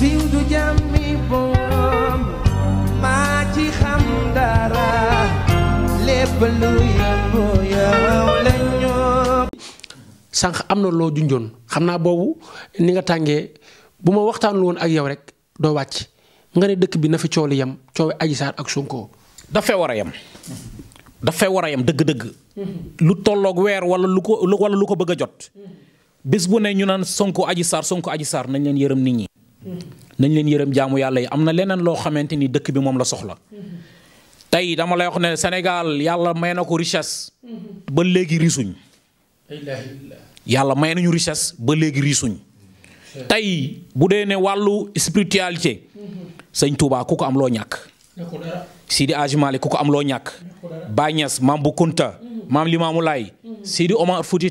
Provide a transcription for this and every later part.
Sang amna lo junjon xamna bobu ni nga tangé buma waxtan won ak yow rek do wacc nga ne dëkk bi na fi yam aji sar ak sunko da fe wara yam da fe wara yam deug deug lu wala lu ko wala lu ko bëgg jot. bes bu ne ñu nan sunko aji sar sunko aji sar nañ leen nit nañ leen yërëm jaamu yàlla yi am na leneen loo xamante ni dëkk bi moom la soxla. tey dama lay wax ne Sénégal yàlla may na ko richesse. ba léegi risuñ. yàlla may nañu richesse ba léegi risuñ. tey bu dee ne wàllu spiritualité. sëñ Touba ku ko am loo ñàkk. Sidi Aji Malik ku ko am loo ñàkk. Baay Ñas maam bu Kunta maam Limaamu Laay. Sidi Omar Fuuti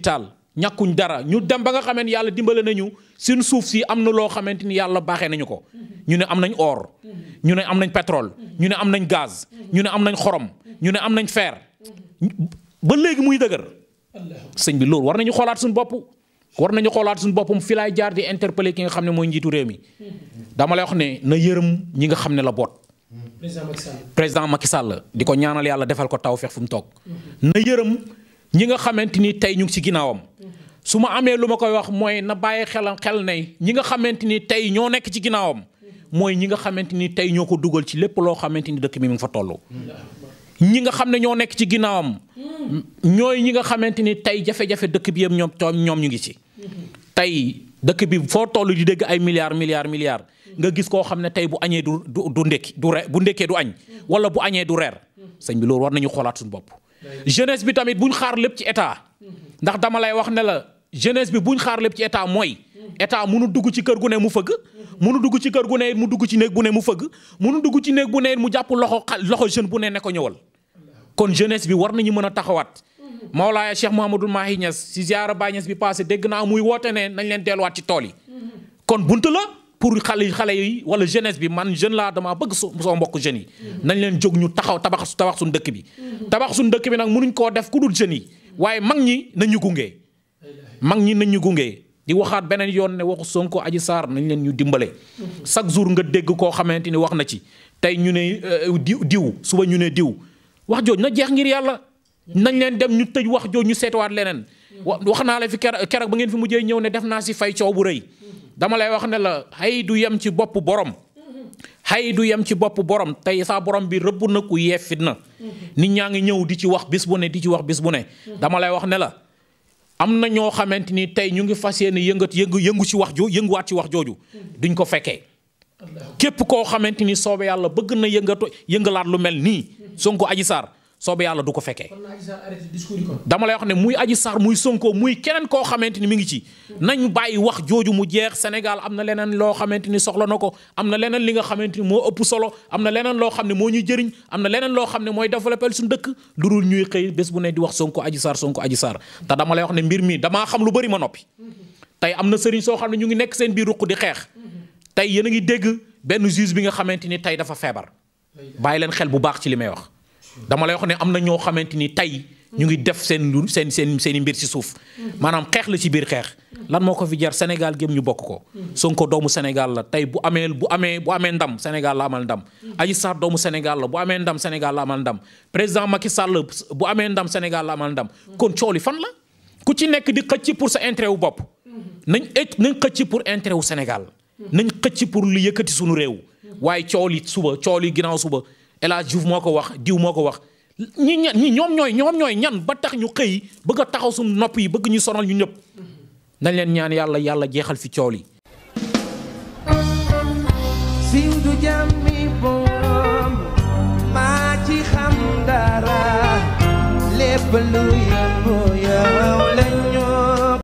ñàkkuñ dara ñu dem ba nga xamante yàlla dimbale nañu suñ suuf si am na loo xamante ni yàlla baaxe nañu ko ñu ne am nañ or ñu ne am nañ pétrole ñu ne am nañ gaz ñu ne am nañ xorom ñu ne am nañ fer ba léegi muy dëgër sëñ bi loolu war nañu xoolaat suñu bopp war nañu xoolaat suñu boppam fi laay jaar di interpeller ki nga xam ne mooy njiitu réew mi dama la wax ne na yërëm ñi nga xam ne la boot président Macky Sall di ko ñaanal yàlla defal ko tawfeex fu mu toog ñi nga xamante ni tey ñu ngi ci ginnaawam su ma amee lu ma koy wax mooy na bàyyi xelam xel ne ñi nga xamante ni tey ñoo nekk ci ginnaawam mooy ñi nga xamante ni tey ñoo ko dugal ci lépp loo xamante ni dëkk bi mu ngi fa tollu ñi nga xam ne ñoo nekk ci ginnaawam ñooy ñi nga xamante ni tey jafe-jafe dëkk bi yëpp ñoom ñoom ñu ngi ci. tey dëkk bi foo toll di dégg ay milliards milliards milliards nga gis koo xam ne tey bu añee du du du ndekki du re bu ndekkee du añ wala bu añee du reer sëñ bi loolu war nañu xoolaat suñu bopp. jeunesse bi tamit buñ xaar lépp ci état ndax dama lay wax ne la jeunesse bi buñ xaar lépp ci état mooy état munu dugg ci kër gu ne mu fëgg munu dugg ci kër gu ne mu dugg ci néeg mu fëgg munu dugg ci néeg bu ne mu jàpp loxo loxo jeune bu ne ne ko ñëwal kon jeunesse bi war nañu mën a taxawaat Mawlaaya Cheikh Mouhamadul Mahi Niass si ziara Baay Niass bi passé dégg naa muy woote ne nañ leen delluwaat ci tool yi kon bunt la pour xale xale yi wala jeunesse bi man jeune laa dama bëgg soo mbokk jeunes yi nañ leen jóg ñu taxaw tabax su suñu dëkk bi tabax su ndëkk bi nag mënuñ koo def ku dul jeunes yi waaye mag ñi nañ ñu gunge mag ñi nañ ñu gunge di waxaat beneen yoon ne waxu Sonko Adji Sarr nañ leen ñu dimbale chaque jour nga dégg koo xamante ni wax na ci tey ñu ne euh, diw diw suba ñu ne diw wax jooj na jeex ngir yàlla nañ leen dem ñu tëj wax jooj ñu seetuwaat leneen wax naa la fi keroog ba ngeen fi mujjee ñëw ne def naa si fay coow bu rëy dama lay wax ne la xay du yem ci bopp borom xay du yem ci bopp borom tey saa borom bi rëbb na ku yee na nit ñaa ngi ñëw di ci wax bis bu ne di ci wax bis bu ne dama lay wax ne la am na ñoo xamante ni tey ñu ngi fas yéene yëngat yëngu yëngu ci wax jooju yënguwaat ci wax jooju duñ ko fekkee képp koo xamante ni soobee yàlla bëgg na yëngatu yëngalaat lu mel nii sunk Adji sar soobee yàlla du ko fekkee. dama lay wax ne muy Adji Sarr muy Sonko muy keneen koo xamante ni mi ngi ci. nañ bàyyi wax jooju mu jeex Sénégal am na leneen loo xamante ni soxla na ko am na leneen li nga xamante ni moo ëpp solo am na leneen loo xam ne moo ñuy jëriñ am na leneen loo xam ne mooy développé suñu dëkk lu dul ñuy xëy bés bu ne di wax Sonko Adji Sarr Sonko Adji Sarr te dama lay wax ne mbir mii damaa xam lu bari ma noppi. tey am na sëriñ soo xam ne ñu ngi nekk seen biir ruq di xeex tey yéen a ngi dégg benn juge bi nga xamante ni tey dafa feebar bàyyi leen xel bu baax ci li may wax dama la wax ne am na ñoo xamante ni tey ñu ngi def seen lu seen seen seen i mbir ci suuf maanaam xeex la ci biir xeex lan moo ko fi jar Sénégal gém ñu bokk ko Sonko doomu Sénégal tey bu amee bu amee bu amee ndam Sénégal la amal ndam Adji Sarr doomu Sénégal la amee ndam Sénégal la amal ndam président Macky Sall bu amee ndam Sénégal la amal ndam kon coow fan la ku ci nekk di xëcc pour sa intérêt wu bopp nañ nañ xëcc pour intérêt wu Sénégal nañ xëcc pour lu yëkkati suñu réew waaye coow li suba coow li ginnaaw suba El Hadj moo ko wax diw moo ko wax ñi ñan ñi ñoom ñooy ñoom ñooy ñan ba tax ñu xëy bëgg a taxaw su nopp yi bëgg ñu sonal ñu ñëpp nañ leen ñaan yàlla yàlla jeexal fi coow li siiw du jàmmi boom maa ci xam dara lépp lu